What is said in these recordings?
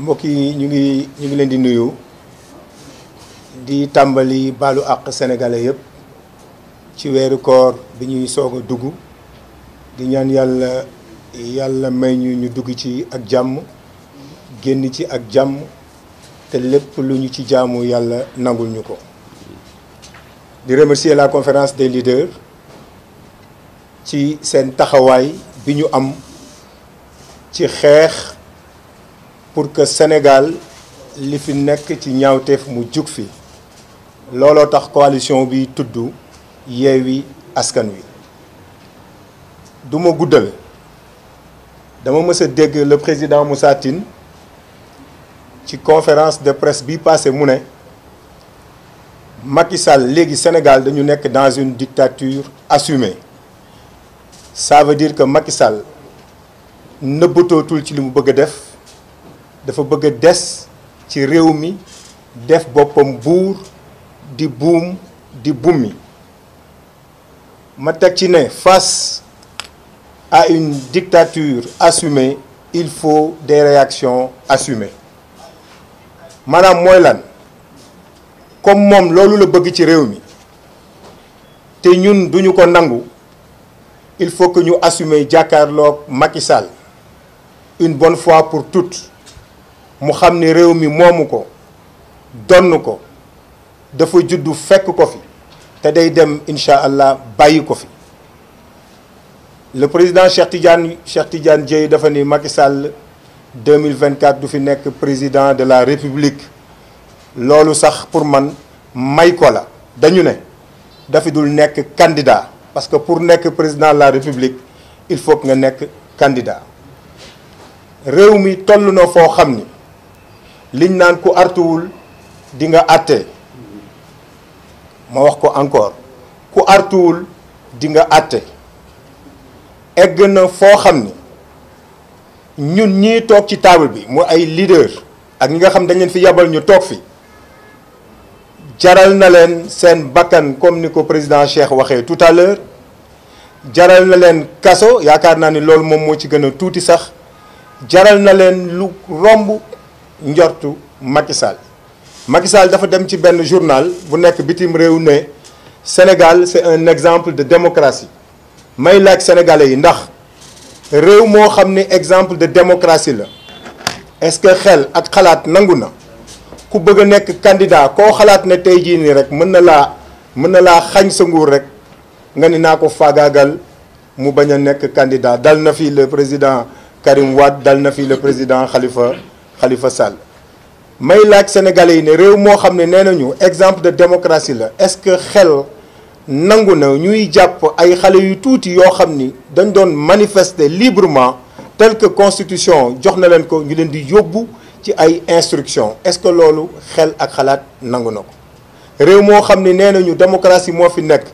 mbokk yi ñu ngi ñu ngi leen di nuyu di tàmbali balu àq sénégalais yëpp ci weeri koor bi ñuy soog a dugg di ñaan yàlla yàlla may ñu ñu dugg ci ak jàmm génn ci ak jàmm te lépp lu ñu ci jaamu yàlla nangul ñu ko di remercier la conférence de leaders ci seen taxawaay bi ñu am ci xeex pour que Sénégal li fi nekk ci ñaawteef mu jug fi looloo tax coalition bi tudd wi Askan Wi duma guddal dama mës dégg la président Moussa Tine ci conférence de presse bi passé mu ne Macky Sall léegi Sénégal dañu nekk dans une dictature assumée ça veut dire que Macky Sall nëbbatootul ci li mu bëgg a def dafa bëgg des ci réew mi def boppam buur di buum di bummi ma teg ci ne face à une dictature assumée il faut de réactions assumées maanaam mooy lan comme moom loolu la bëgg ci réew mi te ñun duñu ko nangu il faut que ñu assumer jàkkaarlook Macky une bonne fois pour toutes mu xam ne réew mi moomu ko donn ko dafa juddu fekk ko fi te day dem incha allah bàyyi ko fi le président Cheikh tijan Cheikh Tidiane Dièye dafa ni Macky Sall 2024 du fi nekk président de la république loolu sax pour man may ko la dañu ne dafi dul nekk candidat parce que pour nekk président la république il faut nga nekk candidat réew mi toll na foo xam ni liñ naan ku artuwul dinga nga àtte ma wax ko encore ku artuwul di nga àtte egg na foo xam ni ñun ñii toog ci taabal bi mu ay leader ak ñi nga xam dañ leen fi yabal ñu toog fi jaral na leen seen bakkan comme ni ko président Cheikh waxee tout jaral na leen kaso yaakaar naa ni loolu moom moo ci gën a tuuti sax jaral na leen lu romb njortu Macky Sall Macky dafa dem ci benn journal bu nekk bitim réew ne Sénégal c'est un exemple de démocratie may laaj sénégalais yi ndax réew moo xam ne exemple de démocratie la est-ce que xel ak xalaat nangu na ku bëgg a nekk candidat koo xalaat ne tey jii nii rek mën na laa mën na laa xañ sa nguur rek nga ni naa ko faagaagal mu bañ a nekk candidat dal na fi le président Karim Wade dal na fi le président Khalifa xalifa Sall may laaj sénégalais yi ne réew moo xam ne nee nañu exemple de démocratie la est-ce que xel nangu na ñuy jàpp ay xale yu tuuti yoo xam ni dañ doon manifester librement tel que constitution jox na leen ko ñu leen di yóbbu ci ay instruction est-ce que loolu xel ak xalaat nangu na ko réew moo xam ne nee nañu démocratie moo fi nekk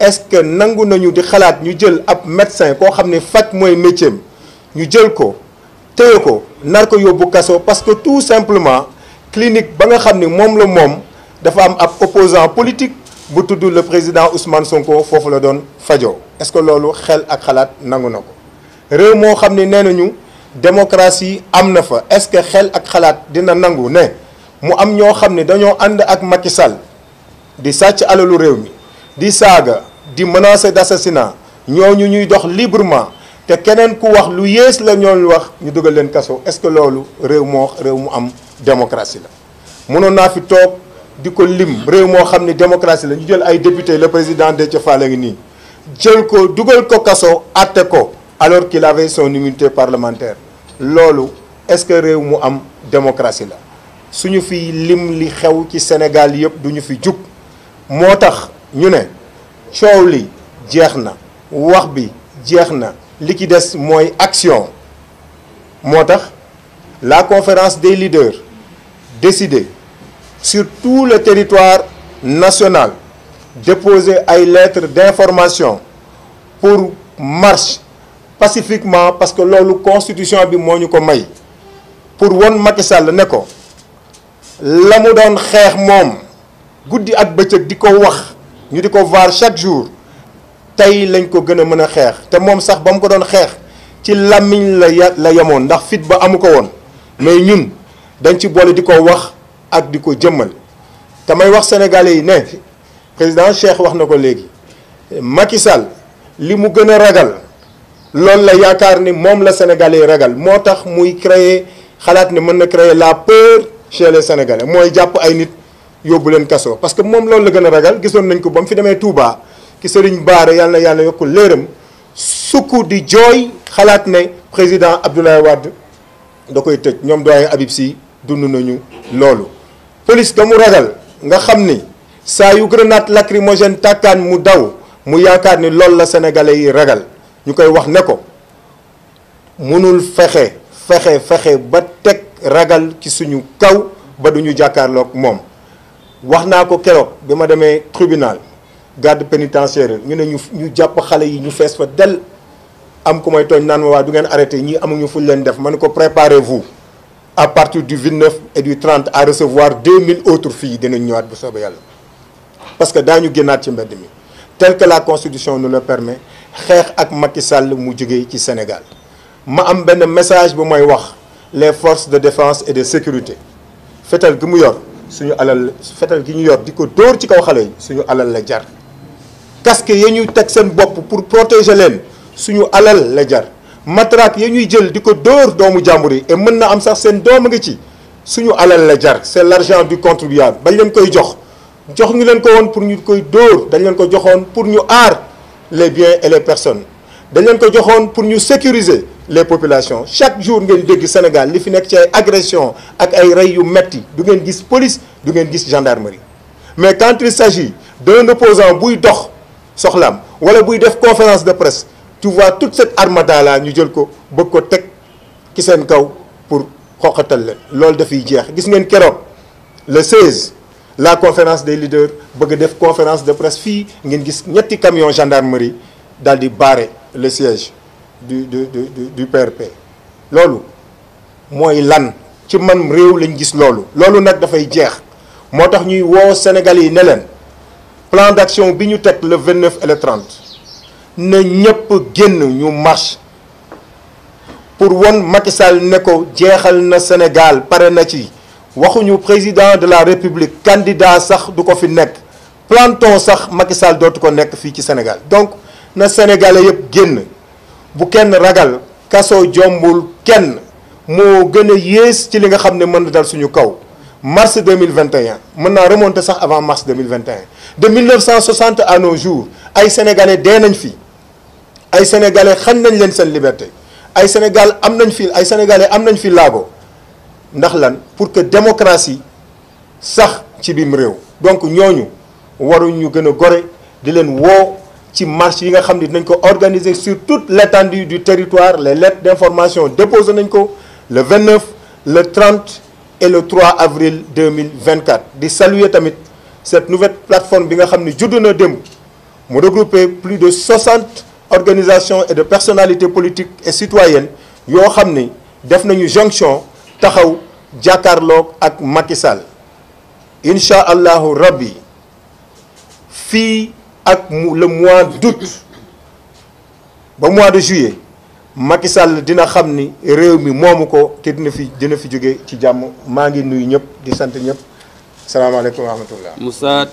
est-ce que nangu nañu di xalaat ñu jël ab médecin koo xam ne faj mooy métier ñu jël ko téye ko nar ko yóbbu kaso parce que tout simplement clinique ba nga xam ni moom la moom dafa am ab opposant politique bu tudd le président Ousmane Sonko foofu la doon fajoo est-ce que loolu xel ak xalaat nangu na ko réew moo xam ni nee nañu démocratie am na fa est-ce que xel ak xalaat dina nangu ne mu am ñoo xam ne dañoo ànd ak Macky Sall di sàcc alalu réew mi di saaga di menacer d'assassinat ñooñu ñuy dox librement te keneen ku wax lu yées lañoo wax ñu dugal leen kaso est-ce que loolu réew réew mu am démocratie la mënoon naa fi toog di ko lim réew moo xam ni démocratie la ñu jël ay député le président Déthié Fall a ngi nii jël ko dugal ko kaso àtte ko alors qu'il avait son immunité parlementaire loolu est-ce que réew mu am démocratie la suñu fi lim li xew ci Sénégal yëpp ñu fi jug moo tax ñu ne coow li jeex na wax bi jeex na li ci des mooy action moo tax la conférence des leaders décidé sur tout le territoire national déposer ay lettres d'information pour marche pacifiquement parce que loolu constitution bi moo ñu ko may pour won Macky Sall ne ko la mu doon xeex moom guddi ak bëccëg di ko wax ñu di ko vaar chaque jour tey lañ ko gën a mën a xeex te moom sax ba mu ko doon xeex ci làmmiñ la ya la yemoon ndax fit ba amu ko woon mais ñun dañ ci boole di ko wax ak di ko jëmmal te may wax sénégalais yi ne président Cheikh wax na ko léegi Macky Sall li mu gën a ragal loolu la yaakaar ni moom la sénégalais yi ragal moo tax muy créer xalaat ne mën na créer la peur chez les sénégalais mooy jàpp ay nit yóbbu leen kaso parce que moom loolu la gën a ragal gisoon nañ ko ba mu fi demee Touba. ki Serigne baar yàlla yàlla yokk léeram sukk di jooy xalaat ne président Abdoulaye Wade da koy tëj ñoom doyen Habib dund nañu loolu. police da mu ragal nga xam ni saa yu grenade lacrymogène tàkkaan mu daw mu yaakaar ni loolu la sénégalais yi ragal ñu koy wax ne ko mënul fexe fexe fexe ba teg ragal ci suñu kaw ba duñu jàkkaarloog moom wax naa ko keroog bi ma demee tribunal. garde pénitentiaire ñu ne ñu ñu jàpp xale yi ñu fees fa del am ku may tooñ naan ma waa du ngeen arrêté ñii amuñu fuñ leen def ma ne ko préparez-vous à partir du 29 et du 30 à recevoir 2000 autres filles dinañ ñëwaat bu soobee yàlla parce que ñu génnaat ci mbedd mi tel que la constitution nous le permet xeex ak Macky Sall mu jógee ci Sénégal ma am benn message bu may wax les forces de défense et de sécurité fetal gi mu yor suñu alal fetal gi ñu yor di ko dóor ci kaw xale suñu alal la jar casque ya ñuy teg seen bopp pour protéger leen suñu alal la jar matraque ya ñuy jël di ko dóor doomu jàmbur yi e mën na am sax seen doom a ngi ci suñu alal la jar c'est l'argent du contribuable bañ leen koy jox jox ñu leen ko woon pour ñu koy dóor dañ leen ko joxoon pour ñu aar les bien et les personne dañ leen ko joxoon pour ñu sécuriser les population chaque jour ngeen dégg Sénégal li fi nekk ci ay agression ak ay rey yu metti du ngeen gis police du ngeen gis gendarmerie mais quand il s'agit d'un opposant buy dox soxlaam wala buy def conférence de presse tu vois toute cette armada ñu jël ko bëgg ko teg ci seen kaw pour xoqatal leen loolu dafay jeex gis ngeen keroog le 16 la conférence des leaders bëgg def conférence de presse fii ngeen gis ñetti camion gendarmerie daal di bare le siège du du du PRP. loolu mooy lan ci man réew lañ gis loolu loolu nag dafay jeex moo tax ñuy woo Sénégal yi ne leen. plan action bi ñu teg le 29 et le na ñëpp génn ñu marche pour won Macky ne ko jeexal na Sénégal pare na ci waxuñu président de la République candidat sax du ko fi nekk planton sax Macky Sall dootu ko nekk fii ci Sénégal donc na Sénégalais yëpp génn bu kenn ragal kaso jombul kenn moo gën a yées ci li nga xam ne mën na dal suñu kaw mars 2021 mën naa remonter sax avant mars 2021 de 1960 à nos jours ay sénégalais dee nañ fi ay sénégalais xañ nañ leen seen liberté ay sénégal am nañ fi ay sénégalais am nañ fi laago ndax lan pour que démocratie sax ci biim réew donc ñooñu waruñu gën a gore di leen woo ci marche yi nga xam ne dinañ ko organiser sur toute l'étendue du territoire les lettres d'information déposé nañ ko le 29 le 30 et le 3 avril 2024 di saluer tamit cette nouvelle plateforme bi nga xam ne juddu na démb mu regrouper plus de 60 organisations et de personnalités politiques et citoyennes yoo xam ni def nañu jonction taxaw jàkkaarloog ak Macky Sall incha allahu rabbi fii ak le mois d' ba mois de juillet. Macky Sall dina xam ni réew mi moomu ko te dina fi dina fi jóge ci jàmm maa ngi nuyu ñëpp di sant ñëpp salaamaaleykum wa rahmatullah Moussa